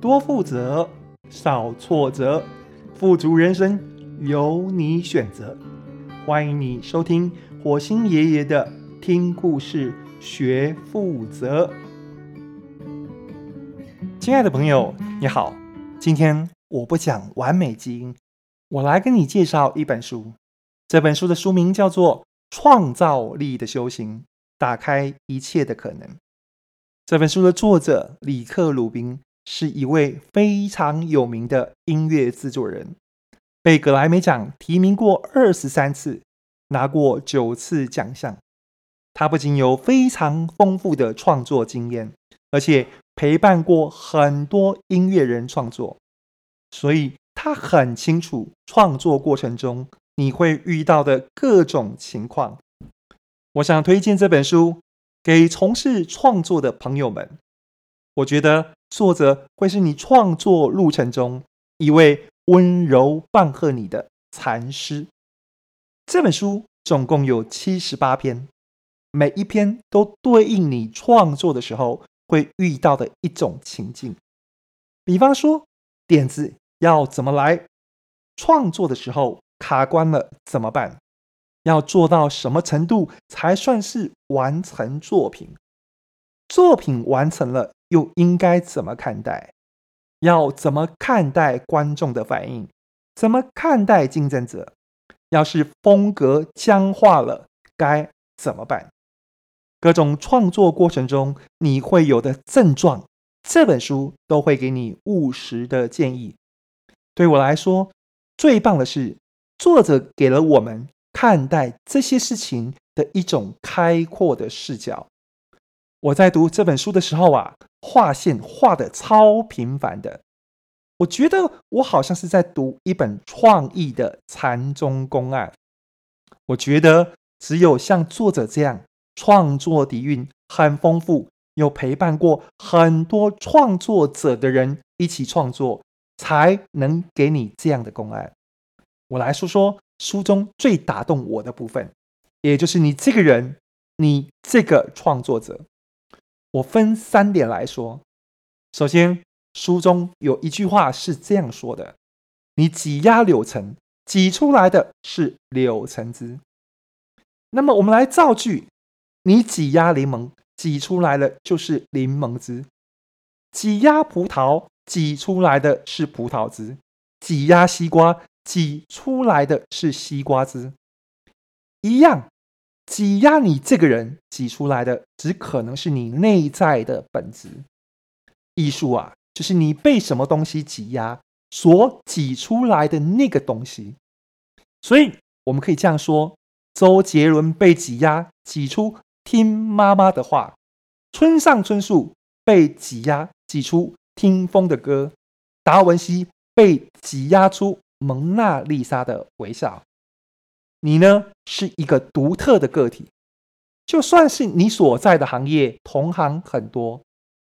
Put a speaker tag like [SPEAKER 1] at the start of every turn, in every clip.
[SPEAKER 1] 多富擇，少挫折，富足人生由你選擇。歡迎你收聽火星爺爺的聽故事學富擇。親愛的朋友，你好，今天我不講完美基因，我來跟你介紹一本書。這本書的書名叫做《創造力的修行》，打開一切的可能。這本書的作者李克魯賓。是一位非常有名的音樂製作人，被格萊美獎提名過二十三次，拿過九次獎項。他不僅有非常豐富的創作經驗，而且陪伴過很多音樂人創作，所以他很清楚創作過程中你會遇到的各種情況。我想推薦這本書給從事創作的朋友們。我覺得作者會是你創作路程中一位溫柔棒喝你的禪師。這本書總共有七十八篇，每一篇都對應你創作的時候會遇到的一種情境。比方說，點子要怎麼來？創作的時候卡關了怎麼辦？要做到什麼程度才算是完成作品？作品完成了，又應該怎麼看待？要怎麼看待觀眾的反應？怎麼看待競爭者？要是風格僵化了，該怎麼辦？各種創作過程中你會有的症狀，這本書都會給你務實的建議。對我來說，最棒的是作者給了我們看待這些事情的一種開闊的視角。我在讀這本書的時候啊，劃線畫得超頻繁的，我覺得我好像是在讀一本創意的禪宗公案。我覺得只有像作者這樣創作底蘊很豐富，有陪伴過很多創作者的人一起創作，才能給你這樣的公案。我來說說書中最打動我的部分，也就是你這個人，你這個創作者。我分三點來說。首先，書中有一句話是這樣說的：“你擠壓柳橙，擠出來的是柳橙汁。”那麼，我們來造句：“你擠壓檸檬，擠出來了就是檸檬汁；擠壓葡萄，擠出來的是葡萄汁；擠壓西瓜，擠出來的是西瓜汁。”一樣。擠壓你這個人擠出來的，只可能是你內在的本質。藝術啊，就是你被什麼東西擠壓所擠出來的那個東西。所以我們可以這樣說：周杰倫被擠壓擠出聽媽媽的話，村上春樹被擠壓擠出聽風的歌，達文西被擠壓出蒙娜麗莎的微笑。你呢，是一個獨特的個體，就算是你所在的行業同行很多，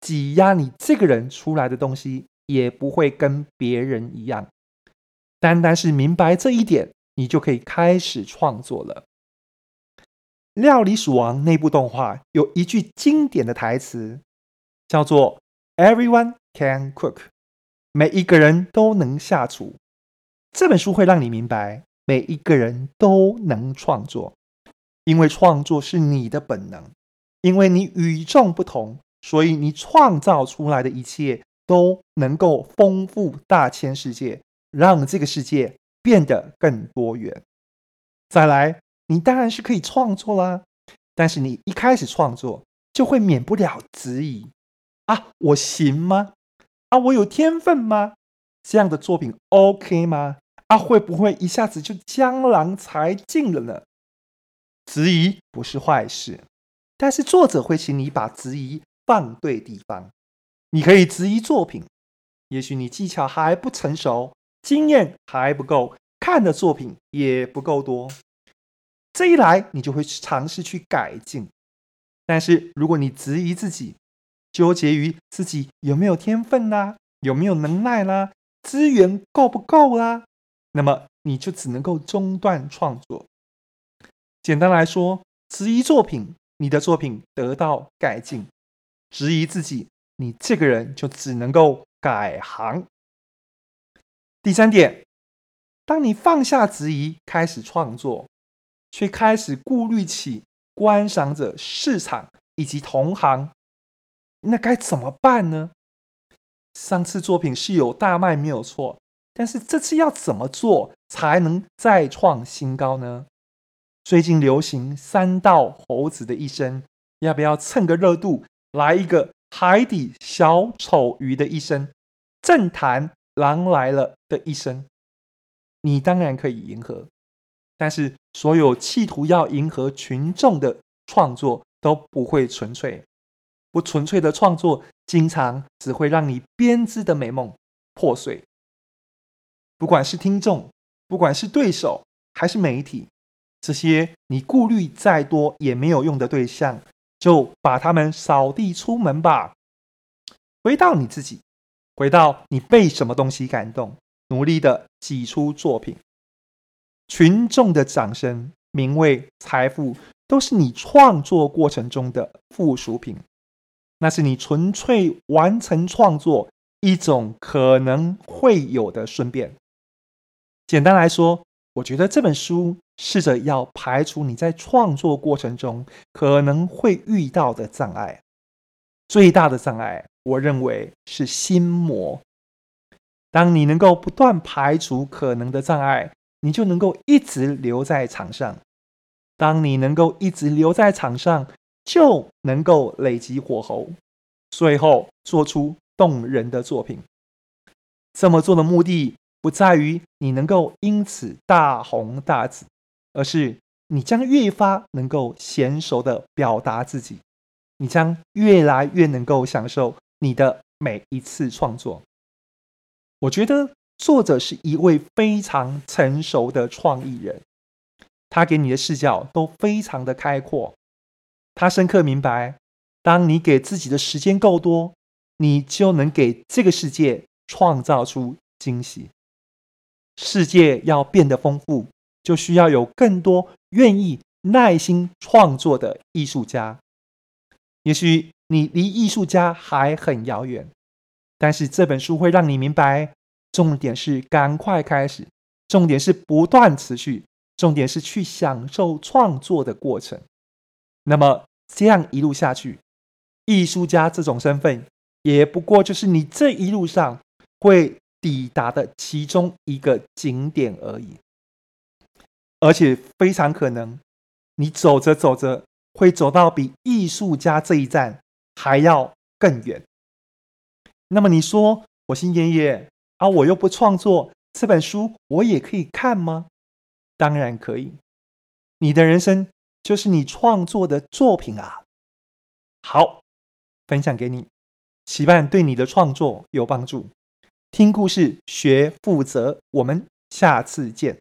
[SPEAKER 1] 擠壓你這個人出來的東西也不會跟別人一樣。單單是明白這一點，你就可以開始創作了。《料理鼠王》內部動畫有一句經典的台詞，叫做 “Everyone can cook”，每一個人都能下廚。這本書會讓你明白。每一個人都能創作，因為創作是你的本能，因為你與眾不同，所以你創造出來的一切都能夠豐富大千世界，讓這個世界變得更多元。再來，你當然是可以創作啦，但是你一開始創作就會免不了質疑啊，我行嗎？啊，我有天分嗎？這樣的作品 OK 嗎？他、啊、會不會一下子就江郎才盡了呢？質疑不是壞事，但是作者會請你把質疑放對地方。你可以質疑作品，也許你技巧還不成熟，經驗還不夠，看的作品也不夠多。這一來，你就會去嘗試去改進。但是如果你質疑自己，糾結於自己有沒有天分啦、啊，有沒有能耐啦、啊，資源夠不夠啦、啊？那麼你就只能夠中斷創作。簡單來說，質疑作品，你的作品得到改進；質疑自己，你這個人就只能夠改行。第三點，當你放下質疑，開始創作，卻開始顧慮起觀賞者、市場以及同行，那該怎麼辦呢？上次作品是有大賣，沒有錯。但是這次要怎麼做才能再創新高呢？最近流行《三道猴子的一生》，要不要蹭個熱度，來一個《海底小丑魚的一生》、《政壇狼來了的一生》？你當然可以迎合，但是所有企圖要迎合群眾的創作都不會純粹，不純粹的創作經常只會讓你編織的美夢破碎。不管是聽眾，不管是對手，還是媒體，這些你顧慮再多也沒有用的對象，就把他們掃地出門吧。回到你自己，回到你被什麼東西感動，努力的擠出作品。群眾的掌聲、名位、財富，都是你創作過程中的附屬品，那是你純粹完成創作，一種可能會有的順便。簡單來說，我覺得這本書試着要排除你在創作過程中可能會遇到的障礙。最大的障礙，我認為是心魔。當你能夠不斷排除可能的障礙，你就能夠一直留在場上。當你能夠一直留在場上，就能夠累積火候，最後做出動人的作品。這麼做的目的，不在於你能夠因此大紅大紫，而是你將越發能夠嫻熟地表達自己，你將越來越能夠享受你的每一次創作。我覺得作者是一位非常成熟的創意人，他給你的視角都非常的開闊，他深刻明白，當你給自己的時間夠多，你就能給這個世界創造出驚喜。世界要變得豐富，就需要有更多願意耐心創作的藝術家。也許你離藝術家還很遙遠，但是這本書會讓你明白，重點是趕快開始，重點是不斷持續，重點是去享受創作的過程。那麼這樣一路下去，藝術家這種身份，也不過就是你這一路上會抵達的其中一個景點而已，而且非常可能，你走着走着會走到比藝術家這一站還要更遠。那麼你說，火星爺爺啊，我又不創作這本書，我也可以看嗎？當然可以，你的人生就是你創作的作品啊。好，分享給你，希望對你的創作有幫助。聽故事，學富擇。我們下次見。